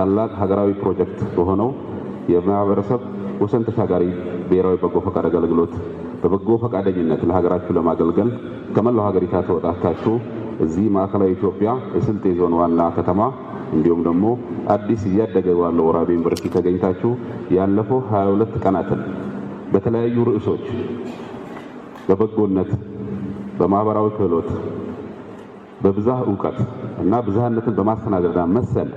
ታላቅ ሀገራዊ ፕሮጀክት በሆነው የማህበረሰብ ወሰን ተሻጋሪ ብሔራዊ በጎ ፈቃድ አገልግሎት በበጎ ፈቃደኝነት ለሀገራችሁ ለማገልገል ከመላው ሀገሪታ ተወጣታችሁ እዚህ ማዕከላዊ ኢትዮጵያ የስልጤ ዞን ዋና ከተማ እንዲሁም ደግሞ አዲስ እያደገ ባለው ወራቤ ዩኒቨርሲቲ ተገኝታችሁ ያለፈው 22 ቀናትን በተለያዩ ርዕሶች በበጎነት፣ በማህበራዊ ክህሎት፣ በብዛህ እውቀት እና ብዝሃነትን በማስተናገድና መሰል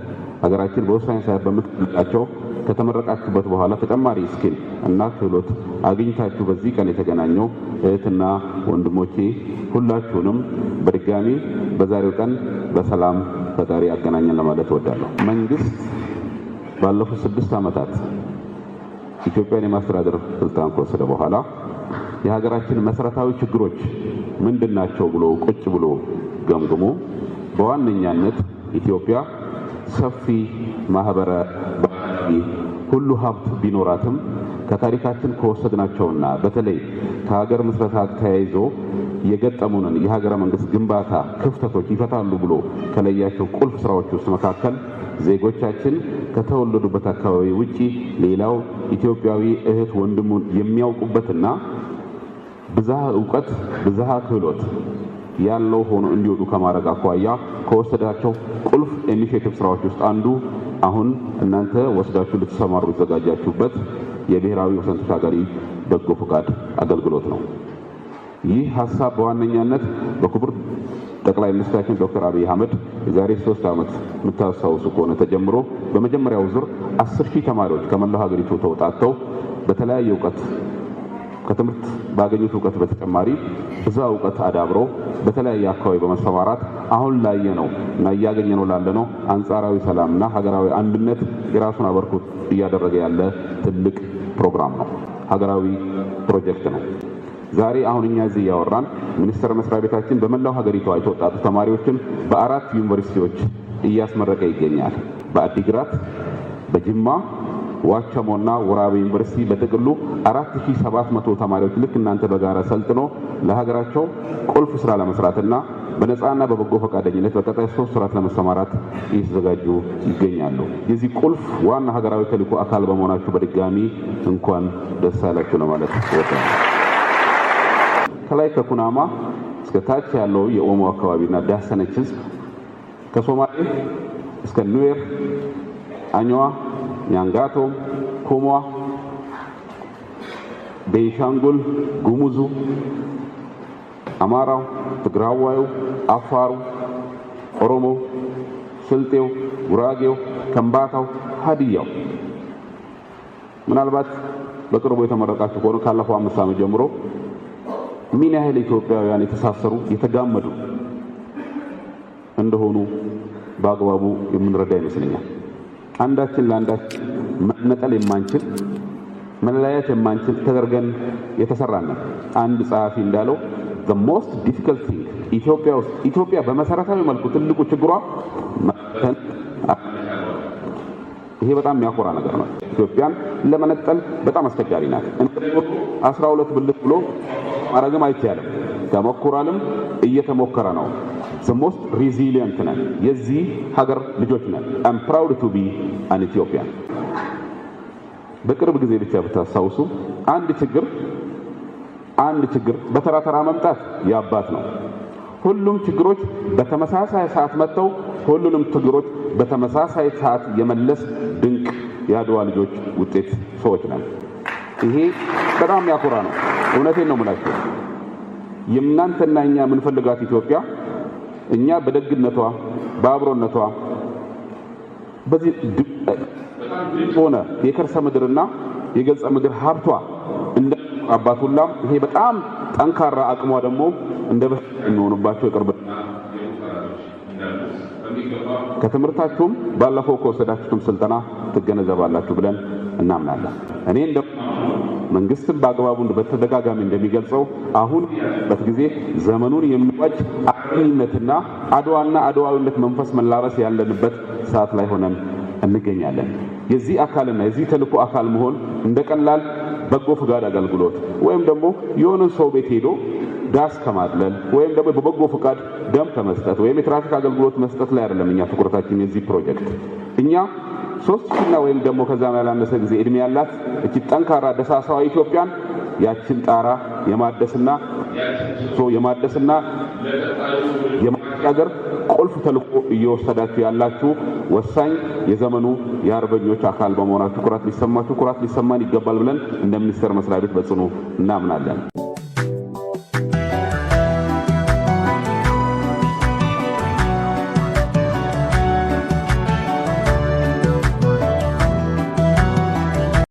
ሀገራችን በወሳኝ ሳይንስ በምትልቃቸው ከተመረቃችሁበት በኋላ ተጨማሪ ስኪል እና ክህሎት አግኝታችሁ በዚህ ቀን የተገናኘው እህትና ወንድሞቼ ሁላችሁንም በድጋሚ በዛሬው ቀን በሰላም ፈጣሪ ያገናኘን ለማለት እወዳለሁ። መንግስት ባለፉት ስድስት ዓመታት ኢትዮጵያን የማስተዳደር ስልጣን ከወሰደ በኋላ የሀገራችን መሰረታዊ ችግሮች ናቸው ብሎ ቁጭ ብሎ ገምግሞ በዋነኛነት ኢትዮጵያ ሰፊ ማህበረ ሁሉ ሀብት ቢኖራትም ከታሪካችን ከወሰድናቸውና በተለይ ከሀገር ምስረታ ተያይዞ የገጠሙንን የሀገረ መንግስት ግንባታ ክፍተቶች ይፈታሉ ብሎ ከለያቸው ቁልፍ ስራዎች ውስጥ መካከል ዜጎቻችን ከተወለዱበት አካባቢ ውጪ ሌላው ኢትዮጵያዊ እህት ወንድሙን የሚያውቁበትና ብዝሃ እውቀት ብዝሃ ክህሎት ያለው ሆኖ እንዲወጡ ከማድረግ አኳያ ከወሰዳቸው ቁልፍ ኢኒሼቲቭ ስራዎች ውስጥ አንዱ አሁን እናንተ ወስዳችሁ ልትሰማሩ የተዘጋጃችሁበት የብሔራዊ ወሰን ተሻጋሪ በጎ ፈቃድ አገልግሎት ነው። ይህ ሀሳብ በዋነኛነት በክቡር ጠቅላይ ሚኒስትራችን ዶክተር አብይ አህመድ የዛሬ ሶስት ዓመት የምታስታውሱ ከሆነ ተጀምሮ በመጀመሪያው ዙር አስር ሺህ ተማሪዎች ከመላው ሀገሪቱ ተውጣተው በተለያየ እውቀት ከትምህርት ባገኙት እውቀት በተጨማሪ እዛ እውቀት አዳብሮ በተለያየ አካባቢ በመሰማራት አሁን ላየ ነው እና እያገኘ ነው ላለ ነው አንጻራዊ ሰላምና ሀገራዊ አንድነት የራሱን አበርኩት እያደረገ ያለ ትልቅ ፕሮግራም ነው። ሀገራዊ ፕሮጀክት ነው። ዛሬ አሁን እኛ እዚህ እያወራን ሚኒስቴር መስሪያ ቤታችን በመላው ሀገሪቷ የተወጣጡ ተማሪዎችን በአራት ዩኒቨርሲቲዎች እያስመረቀ ይገኛል። በአዲግራት፣ በጅማ ዋቸሞና ወራቤ ዩኒቨርሲቲ በጥቅሉ 4700 ተማሪዎች ልክ እናንተ በጋራ ሰልጥኖ ለሀገራቸው ቁልፍ ስራ ለመስራትና በነፃና በበጎ ፈቃደኝነት በቀጣይ ሶስት ስራት ለመሰማራት እየተዘጋጁ ይገኛሉ። የዚህ ቁልፍ ዋና ሀገራዊ ተልዕኮ አካል በመሆናችሁ በድጋሚ እንኳን ደስ አላችሁ ለማለት ወጣ ከላይ ከኩናማ እስከ ታች ያለው የኦሞ አካባቢና ዳሰነች ህዝብ ከሶማሌ እስከ ኑዌር አኝዋ፣ ኛንጋቶም፣ ኩሟ፣ ቤንሻንጉል ጉሙዙ፣ አማራው፣ ትግራዋዩ፣ አፋሩ፣ ኦሮሞ፣ ስልጤው፣ ጉራጌው፣ ከምባታው፣ ሀዲያው ምናልባት በቅርቡ የተመረቃችሁ ከሆነ ካለፈው አምስት ዓመት ጀምሮ ምን ያህል ኢትዮጵያውያን የተሳሰሩ የተጋመዱ እንደሆኑ በአግባቡ የምንረዳ ይመስለኛል። አንዳችን ለአንዳችን መነጠል የማንችል መለያየት የማንችል ተደርገን የተሰራን ነው። አንድ ጸሐፊ እንዳለው the most difficult thing ኢትዮጵያ ውስጥ ኢትዮጵያ በመሰረታዊ መልኩ ትልቁ ችግሯ ይሄ በጣም የሚያኮራ ነገር ነው። ኢትዮጵያን ለመነጠል በጣም አስቸጋሪ ናት። አስራ ሁለት ብልት ብሎ ማረግም አይቻልም። ተሞክሯልም እየተሞከረ ነው። the most resilient ነን። የዚህ ሀገር ልጆች ነን። I'm proud to be an Ethiopian። በቅርብ ጊዜ ብቻ ብታስታውሱ አንድ ችግር አንድ ችግር በተራ ተራ መምጣት የአባት ነው። ሁሉም ችግሮች በተመሳሳይ ሰዓት መጥተው ሁሉንም ችግሮች በተመሳሳይ ሰዓት የመለስ ድንቅ የአድዋ ልጆች ውጤት ሰዎች ነን። ይሄ በጣም ያኮራ ነው። እውነቴን ነው የምላቸው የእናንተና እኛ የምንፈልጋት ኢትዮጵያ እኛ በደግነቷ በአብሮነቷ በዚህ ሆነ የከርሰ ምድርና የገጸ ምድር ሀብቷ እንደ አባቱላም ይሄ በጣም ጠንካራ አቅሟ ደግሞ እንደ በህ የሚሆኑባቸው የቅርብ ከትምህርታችሁም ባለፈው ከወሰዳችሁትም ስልጠና ትገነዘባላችሁ ብለን እናምናለን። እኔ እንደ መንግስትም በአግባቡ በተደጋጋሚ እንደሚገልጸው አሁን በት ጊዜ ዘመኑን የሚዋጅ አቅኝነትና አድዋና አድዋዊነት መንፈስ መላረስ ያለንበት ሰዓት ላይ ሆነን እንገኛለን። የዚህ አካልና የዚህ ተልእኮ አካል መሆን እንደ ቀላል በጎ ፍጋድ አገልግሎት ወይም ደግሞ የሆነ ሰው ቤት ሄዶ ዳስ ከማድለል ወይም ደግሞ በበጎ ፍቃድ ደም ከመስጠት ወይም የትራፊክ አገልግሎት መስጠት ላይ አይደለም። እኛ ትኩረታችን የዚህ ፕሮጀክት እኛ ሶስትና ወይም ደግሞ ከዛም ያላነሰ ጊዜ እድሜ ያላት እቺ ጠንካራ ደሳሳዋ ኢትዮጵያን ያችን ጣራ የማደስና ሶ የማደስና የማሻገር ቁልፍ ተልዕኮ እየወሰዳችሁ ያላችሁ ወሳኝ የዘመኑ የአርበኞች አካል በመሆናችሁ ኩራት ሊሰማችሁ ኩራት ሊሰማን ይገባል ብለን እንደ ሚኒስቴር መስሪያ ቤት በጽኑ እናምናለን።